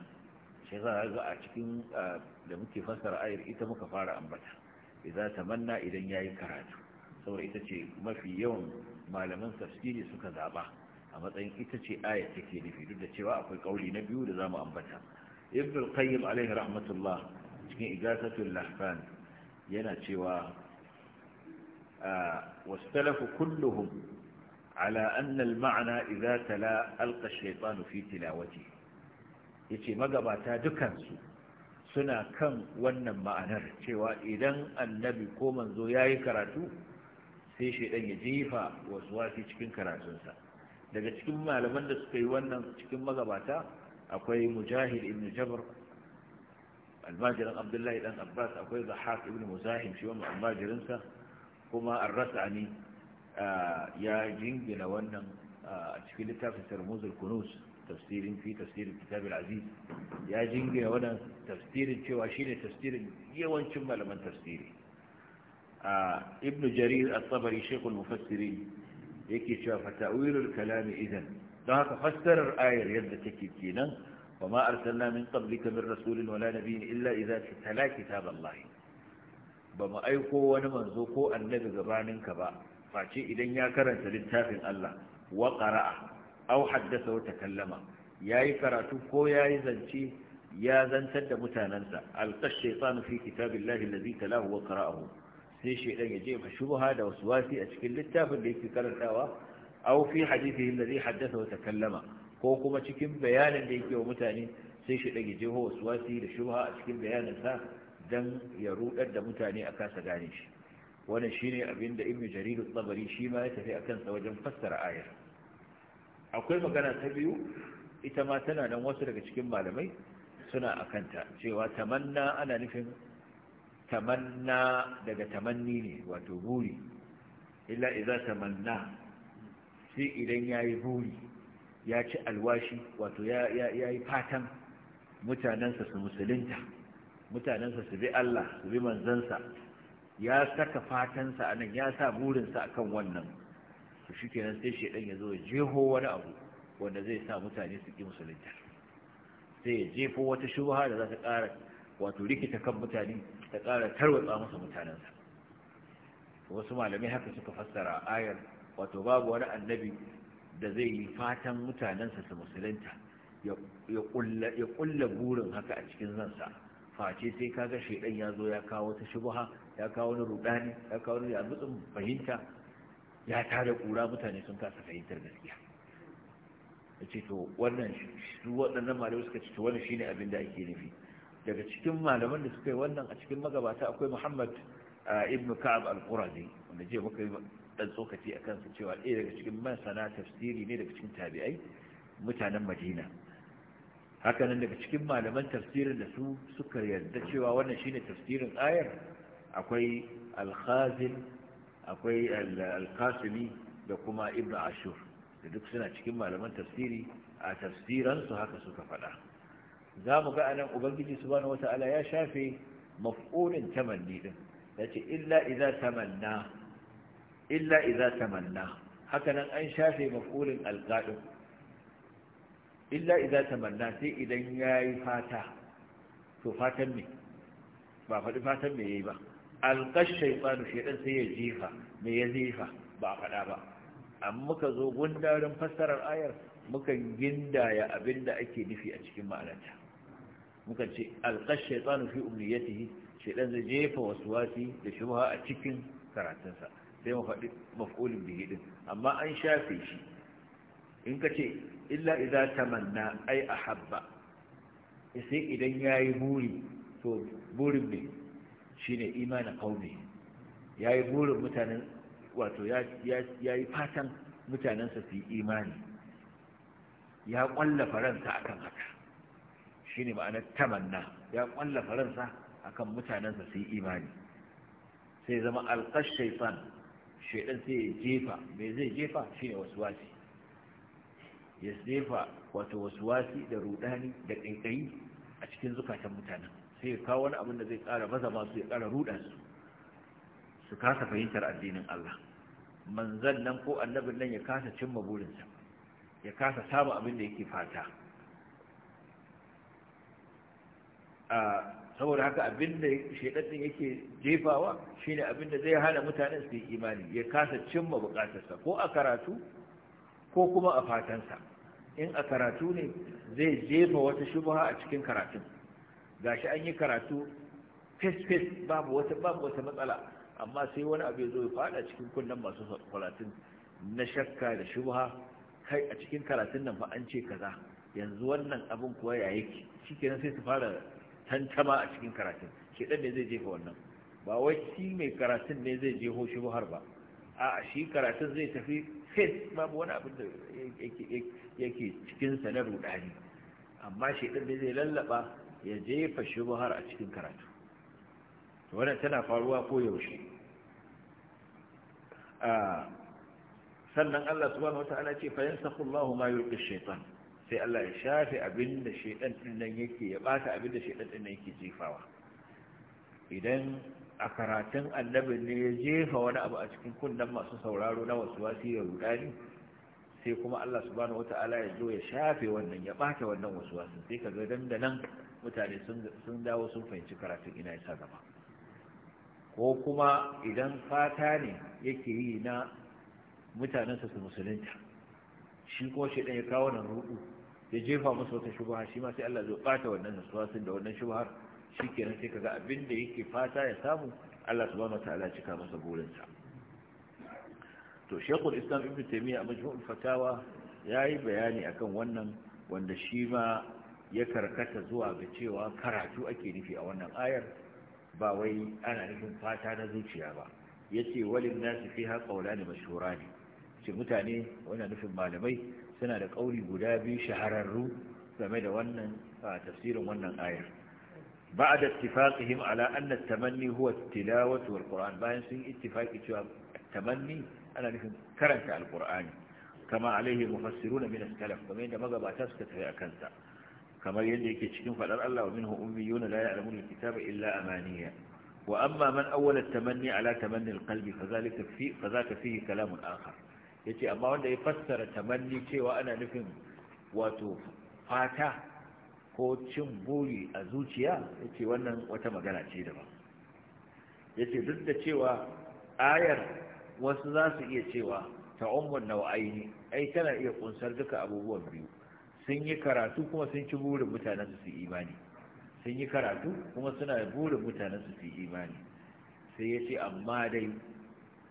shi za a a cikin da muke fassara ayar ita muka fara ambata idza tamanna idan yayi karatu saboda ita ce mafi yawan malaman tafsiri suka zaba a matsayin ita ce aya take nufi duk da cewa akwai kauli na biyu da zamu ambata ibn al-qayyim alaihi rahmatullah cikin igasatul lahfan yana cewa wasu kulluhum ala anna al-ma'na idza tala alqa ash-shaytanu fi tilawati yace magabata dukansu suna kan wannan ma'anar cewa idan annabi ko manzo yi karatu sai shaidan ya jefa wasu wasi cikin karatunsa daga cikin malaman da suka yi wannan cikin magabata akwai mujahid ibn jabr almajirin abdullahi dan abbas akwai zahaq ibn muzahim shi wannan almajirinsa kuma arrasani ah, ya jingina wannan ah, a cikin littafin sarmuzul kunus tafsirin fi tafsirin kitabul aziz ya jingina wannan tafsirin cewa shine tafsirin yawancin malaman tafsiri ibn jarir as-sabari shaykhul mufassirin yake cewa tawirul kalami idan don haka fassarar ayar yadda take kenan wa ma arsalna min qablika min rasulin wala nabiyyin illa idza tatala kitaballahi ba mu aiko wani manzo ko annabi ka ba face idan ya karanta littafin Allah wa qara'a aw haddatha wa takallama yayi karatu ko yayi zance ya zantar da mutanansa alqa shaytanu fi kitabillahi alladhi talahu wa qara'ahu sai shaidan ya jefa shubha da waswasi a cikin littafin da yake karantawa aw fi hadithihi alladhi haddatha wa takallama ko kuma cikin bayanin da yake wa mutane sai shaidan ya jefa waswasi da shubha a cikin bayanin sa dan ya rudar da mutane a kasa gane shi wannan shine abin da ibnu jarir at-tabari shi ma ya tafi akan sa wajen fassara ayar akwai magana ta biyu ita ma tana nan wasu daga cikin malamai suna akanta cewa tamanna ana nufin tamanna daga tamanni ne wato buri illa iza tamanna sai idan ya yi buri ya ci alwashi wato ya yi fatan mutanensa su musulunta mutanensa su bi Allah su bi manzansa ya saka fatansa a nan ya sa burinsa a kan wannan su shi kenan sai shaidan ya zo ya jeho wani abu wanda zai sa mutane su ƙi musulunta sai ya jefo wata shubha da za ta ƙara wato rikita kan mutane ta ƙara tarwatsa masa mutanensa wasu malamai haka suka fassara ayar wato babu wani annabi da zai yi fatan mutanensa su musulunta ya ƙulla burin haka a cikin zansa face sai kaga shaidan ya zo ya kawo ta shubha ya kawo wani rudani ya kawo wani yanzu fahimta ya tare kura mutane sun kasa fahimtar gaskiya ya ce to wannan su waɗannan malamai suka ce to wannan shine abin da ake nufi daga cikin malaman da suka yi wannan a cikin magabata akwai muhammad ibn ka'ab al-qurazi wanda je muka yi dan tsokaci a kansa cewa ɗaya daga cikin masana tafsiri ne daga cikin tabi'ai mutanen madina hakanan daga cikin malaman tafsirin da su suka yarda cewa wannan shine tafsirin ayar akwai al-khazin akwai al-qasimi da kuma ibn ashur da duk suna cikin malaman tafsiri a tafsiransu haka suka faɗa za mu ga anan ubangiji su subhanahu ala ya shafe maf'ulin tamanni din yace illa idza tamanna illa idza tamanna haka nan an shafe maf'ulin alqa'id illa idza tamanna sai idan ya yi fata to fatan ne, ba faɗi fatan me yi ba alqash shaytanu shaytan sai ya jefa, me ya jefa? ba a faɗa ba amma muka zo gundarin fassarar ayar mukan gindaya abinda ake nufi a cikin ma'anarta muka ce alƙash shaitanu fi umniyatihi shaitan zai jefa wasu wasi da shubha a cikin karatunsa sai mu faɗi maf'ulin bihi amma an shafe shi in ka ce illa ta manna ai a habba sai idan ya yi buri to burin ne imanin imanin ya yi burin mutanen wato ya yi fatan mutanensa su yi imani ya ƙwallafa ransa akan haka shine ma'anar tamanna ya kwalla faransa akan mutanensa su yi imani sai zama alƙas shaifan shaidan sai ya jefa me zai jefa Shi wasu wasi. ya jefa wato wasi da rudani da ƙaiƙayi a cikin zukatan mutanen sai ya kawo wani abin da zai ƙara baza masu ya ƙara rudansu. su kasa fahimtar addinin Allah manzan nan ko annabin nan ya kasa cimma burinsa ya kasa samun abin da yake fata saboda haka abinda shaidatin yake jefawa shine abinda zai hana mutanen su yi imani ya kasa cimma bukatarsa ko a karatu ko kuma a fatansa in a karatu ne zai jefa wata shubha a cikin karatun gashi an yi karatu fes-fes babu wata babu wata matsala amma sai wani abu ya zo ya fada cikin kunnen masu karatun na shakka da shubha kai a cikin karatun nan fa an ce kaza yanzu wannan abin kuwa ya yake kenan sai su fara tantama a cikin karatun dan ne zai jefa wannan ba wai shi mai karatun ne zai jeho shi buhar ba a shi karatun zai tafi face babu wani abin da yake cikinsa na rudani amma dan ne zai lallaba ya jefa shi buhar a cikin karatu wannan tana faruwa ko yaushe sannan Allah subhanahu wata'ala ce fa yansakhu Allahu ma yulqi shaytan sai Allah ya shafe abin da shaidan din nan yake ya bata abin shaidan din nan yake jefawa idan a karatun annabin ne ya jefa wani abu a cikin kunnen masu sauraro na wasu wasu ya rudani sai kuma Allah subhanahu wata'ala ya zo ya shafe wannan ya bata wannan wasu wasu sai ka ga dan da nan mutane sun dawo sun fahimci karatun ina ya sa gaba ko kuma idan fata ne yake yi na mutanensa su musulunta shi ko shi ya kawo nan rudu ya jefa masa wata shubaha, shi ma sai Allah zai bata wannan nasuwasin da wannan shubhar shikenan sai kaga abin da yake fata ya samu Allah subhanahu wataala cika masa burinsa to Sheikhul Islam Ibn Taymiyyah a Majmu'ul Fatawa yayi bayani akan wannan wanda shi ma ya karkata zuwa ga cewa karatu ake nufi a wannan ayar ba wai ana nufin fata na zuciya ba yace walin nasi fiha qawlan mashhurani ce mutane wannan nufin malamai suna da ƙauri guda biyu shahararru game da wannan a tafsirin wannan ayar ba'ad ittifaqihim ala anna at huwa tilawatu al-qur'an bayan sun ittifaqi cewa tamanni ana nufin karanta al-qur'ani kama alaihi mufassirun min as-salaf kuma inda magabata suka tafi a kanta. kamar yadda yake cikin faɗar Allah wa minhu ummiyun la ya'lamun al-kitaba illa amaniya wa amma man awwala at-tamanni ala tamanni al-qalbi fa zalika fi fa zaka fihi yace amma wanda ya fassara tamanni cewa ana nufin wato fata ko cin buri a zuciya yace wannan wata magana ce Ya yace duk da cewa ayar wasu za su iya cewa ta'ummun nau'aini ai tana iya kunsar duka abubuwan biyu sun yi karatu kuma sun ci burin mutanen su imani sun yi karatu kuma suna burin mutanen su imani sai ya ce amma dai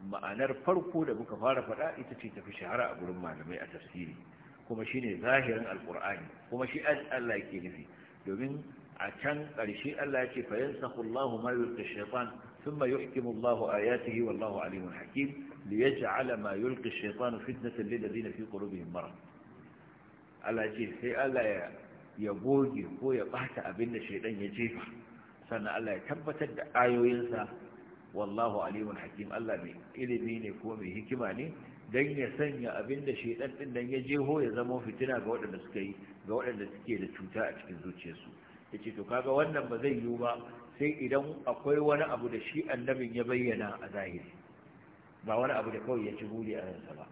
ma'anar farko da muka fara faɗa ita ce tafi shahara a gurin malamai a tafsiri kuma shine zahirin alkur'ani kuma shi Allah yake nufi domin a can ƙarshe Allah ya ce fa yansakhu Allahu ma yulqi shaytan thumma Allahu ayatihi wallahu alimun hakim liyaj'ala ma yulqi shaitan fitnatan da zina fi qulubihim marad Allah ce sai Allah ya goge ko ya bata abin da shaiɗan ya jefa sannan Allah ya tabbatar da ayoyinsa wallahu alimun hakim Allah mai ilimi ne ko mai hikima ne dan ya sanya abin da shaidan din dan ya jeho ya zama fitina ga waɗanda suka yi ga waɗanda suke da cuta a cikin zuciyarsu yace to kaga wannan ba zai yiwu ba sai idan akwai wani abu da shi annabin ya bayyana a zahiri ba wani abu da kawai ya ci buri a ransa ba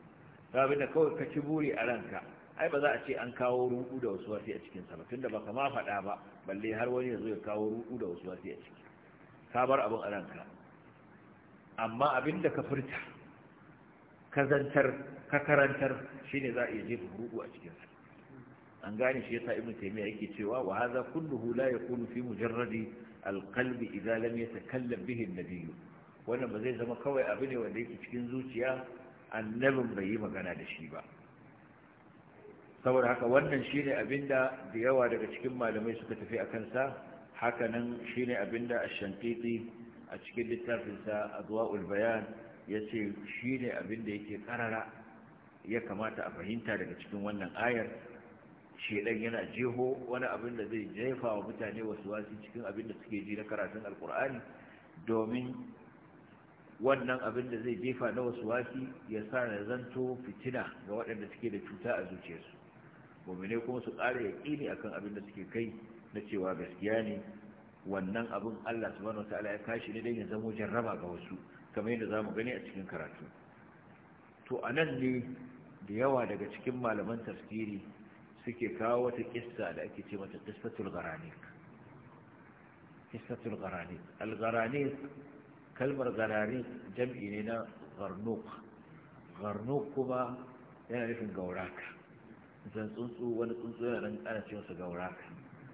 rabin da kawai ka ci buri a ranka ai ba za a ce an kawo ruku da wasu wasi a cikin sa ba tunda baka ma faɗa ba balle har wani ya zo ya kawo ruku da wasu wasi a ciki ka bar abin a ranka amma abinda ka furta ka zantar ka karantar shine za a iya jefa ruɗu a cikinsa an gane shi yasa ibnu taymiya yake cewa wa hadha kulluhu la yakunu fi mujarradi alqalbi idza lam yatakallam bihi an-nabiy wannan ba zai zama kawai abu ne wanda yake cikin zuciya annabin bai yi magana da shi ba saboda haka wannan shine abinda da yawa daga cikin malamai suka tafi akan sa haka nan shine abinda ash-shanqiti a cikin littafinsa a zuwa ulbayan ya ce shi ne abin da yake karara ya kamata a fahimta daga cikin wannan ayar shedan yana jeho wani abin da zai jefa wa mutane wasu wasu cikin abin da suke ji na karatun alkur'ani domin wannan abin da zai jefa na wasu wasu ya sa na zanto fitina ga waɗanda suke da cuta a zuciyarsu ne kuma su ƙara yaƙini akan abin da suke kai na cewa gaskiya ne wannan abin Allah subhanahu wataala ya kashi ne dan ya zama jarraba ga wasu kamar yadda zamu gani a cikin karatu to anan ne da yawa daga cikin malaman tafsiri suke kawo wata kissa da ake ce mata qissatul garanik al kalmar gharanik jam'i ne na gharnuq gharnuq kuma yana nufin gauraka zan tsuntsu wani tsuntsu yana nan ana ce masa gauraka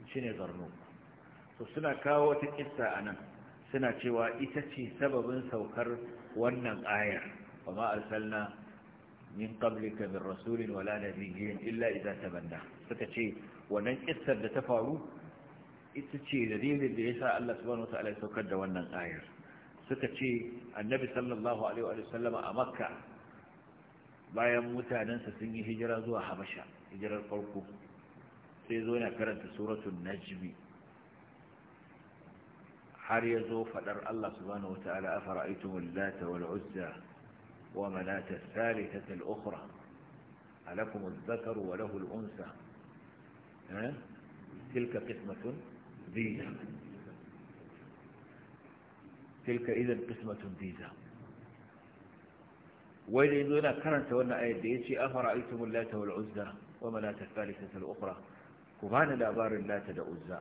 shine gharnuq to suna kawo wata kissa a nan suna cewa ita ce sababin saukar wannan ayar wa ma arsalna min qablika min rasulin wala nabiyyin illa idza banda, suka ce wannan kissar da ta faru ita ce dalilin da ya sa Allah subhanahu wataala ya saukar da wannan ayar suka ce annabi sallallahu alaihi wa sallam a makka bayan mutanensa sun yi hijira zuwa habasha hijirar farko sai zo yana karanta suratul najmi har ya zo faɗar Allah subhanahu wata'ala a fara'aitun lata wal uzza wa manata thalithata al-ukhra alakum al dhakar wa lahu al-unsa tilka qismatun diza tilka idan qismatun diza wai da yanzu yana karanta wannan ayat da yace a fara'aitun lata wal uzza wa manata thalithata al-ukhra ku bani labarin lata da uzza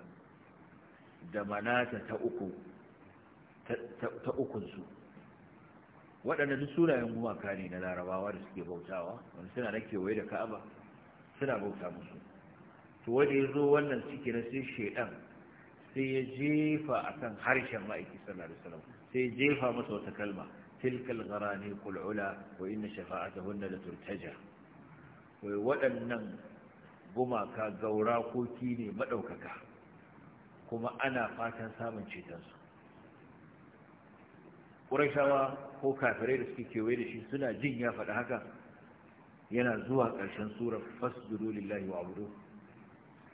da manata ta uku ta ukunsu waɗanda duk sunayen gumaka ne na larabawa da suke bautawa wani suna na kewaye da ka'aba suna bauta musu to wanda ya zo wannan ciki na sai shaidan sai ya jefa a kan harshen ma'aiki sallallahu alaihi wasallam sai ya jefa masa wata kalma tilkal gharani ula wa inna shafa'atahunna la turtaja wai waɗannan gumaka gaurakoki ne madaukaka kuma ana fatan samun cetonsu ƙurashawa ko kafirai da suke kewaye da shi suna jin ya faɗi haka yana zuwa ƙarshen surar fasjudu lillahi wa abudu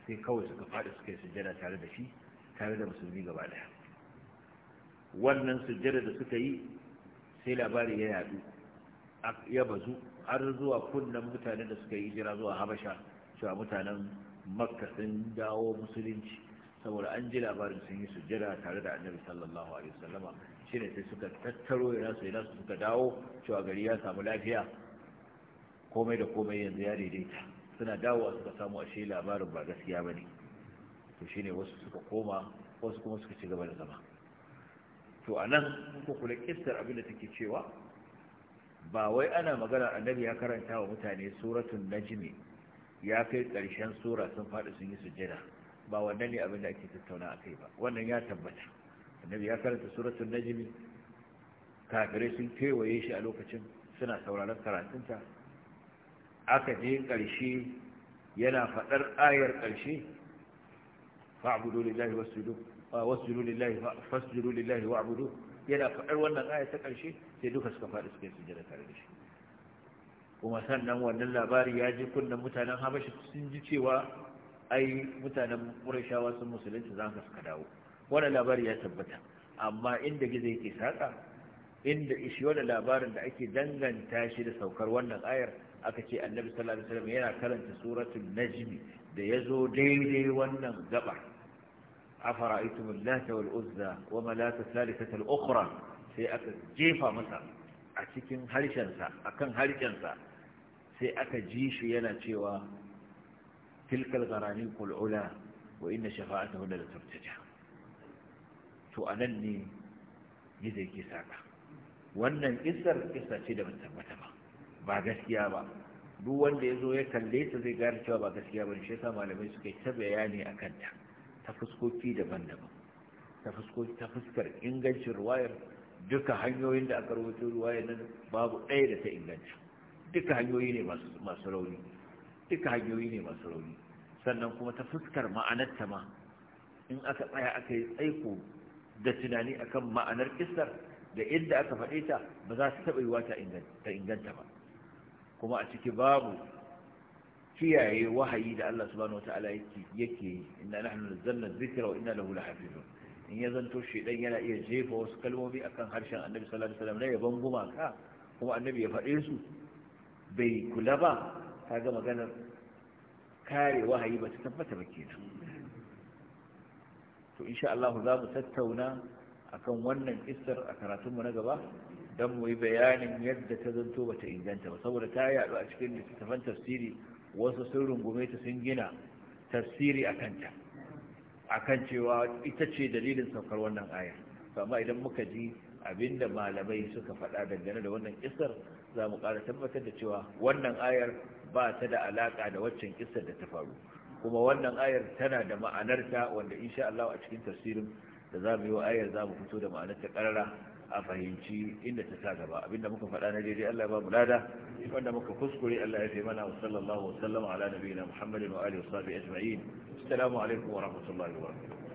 sai kawai suka faɗi suka yi sujjada tare da shi tare da musulmi gaba ɗaya wannan sujjada da suka yi sai labari ya yaɗu ya bazu har zuwa kunnen mutanen da suka yi jira zuwa habasha cewa mutanen makka sun dawo musulunci saboda an ji labarin sun yi sujjada tare da annabi sallallahu alaihi wasallama shine sai suka tattaro yana su yana su suka dawo cewa gari ya samu lafiya komai da komai yanzu ya daidaita suna dawowa suka samu ashe labarin ba gaskiya bane to shine wasu suka koma wasu kuma suka ci gaba da zama to anan ko kula kissar abin da take cewa ba wai ana magana annabi ya karanta wa mutane suratul najmi ya kai ƙarshen sura sun faɗi sun yi sujjada ba wannan ne abin da ake tattauna a kai ba wannan ya tabbata annabi ya karanta suratul najmi kafirai sun kewaye shi a lokacin suna sauraron karatunta aka je ƙarshe yana faɗar ayar ƙarshe fa'budu lillahi wasjudu wasjudu lillahi fasjudu lillahi wa'budu yana faɗar wannan ayar ta karshe sai duka suka fadi suka yi sujjada tare da shi kuma sannan wannan labari ya ji kunnen mutanen habashi sun ji cewa ai mutanen ƙurashawa sun musulunci za su suka dawo Wani labari ya tabbata amma inda gizo yake saƙa inda ishi wani labarin da ake danganta shi da saukar wannan ayar aka ce annabi sallallahu alaihi wasallam yana karanta suratul najmi da yazo daidai wannan gabar afara'aytum allata wal uzza wa malata thalithata ukhra sai aka jefa masa a cikin harshen sa akan harshen sa sai aka ji shi yana cewa تلك الغرانيق العلا وإن شفاعته لا ترتجع to a nan ne yi zai ke saka wannan isar isa ce da ban tabbata ba ba gaskiya ba duk wanda ya zo ya kalle ta zai gane cewa ba gaskiya ba shi yasa malamai suka yi ta bayani a kanta ta fuskoki daban-daban ta fuskar ingancin ruwayar duka hanyoyin da aka rubuta ruwayar nan babu ɗaya da ta inganta duka hanyoyi ne masu rauni duka hanyoyi ne masu rauni sannan kuma ta fuskar ma'anarta ma in aka tsaya aka yi tsaiko da tunani akan ma'anar kisar da inda aka faɗe ta ba za su taɓa yiwa ta inganta ba kuma a ciki babu kiyaye wahayi da Allah subhanahu wataala yake yi inna nahnu nazzalna dhikra wa inna lahu lahafizun in ya zanto shedan yana iya jefa wasu kalmomi akan harshen annabi sallallahu alaihi wasallam ya banguma gumaka kuma annabi ya faɗe su bai kula ba Ta ga maganar kare wahayi ba ta tabbata ba kenan to insha Allah za mu tattauna akan wannan kissar a karatunmu na gaba don mu yi bayanin yadda ta zanto ba ta inganta ba saboda ta yaɗu a cikin littattafan tafsiri wasu sun rungume ta sun gina tafsiri a kanta akan cewa ita ce dalilin saukar wannan aya amma idan muka ji abinda malamai suka faɗa dangane da wannan kissar za mu ƙara tabbatar da cewa wannan ayar ba ta da alaƙa da waccan kissar da ta faru kuma wannan ayar tana da ma'anarta wanda insha Allah a cikin tafsirin da za mu yi wa ayar za mu fito da ma'anarta ƙarara a fahimci inda ta sa gaba abinda muka faɗa na daidai Allah ba mu lada wanda muka kuskure Allah ya fi mana wa sallallahu wa ala nabiyina Muhammadin wa alihi wa sahbihi ajma'in assalamu alaikum wa rahmatullahi wa barakatuh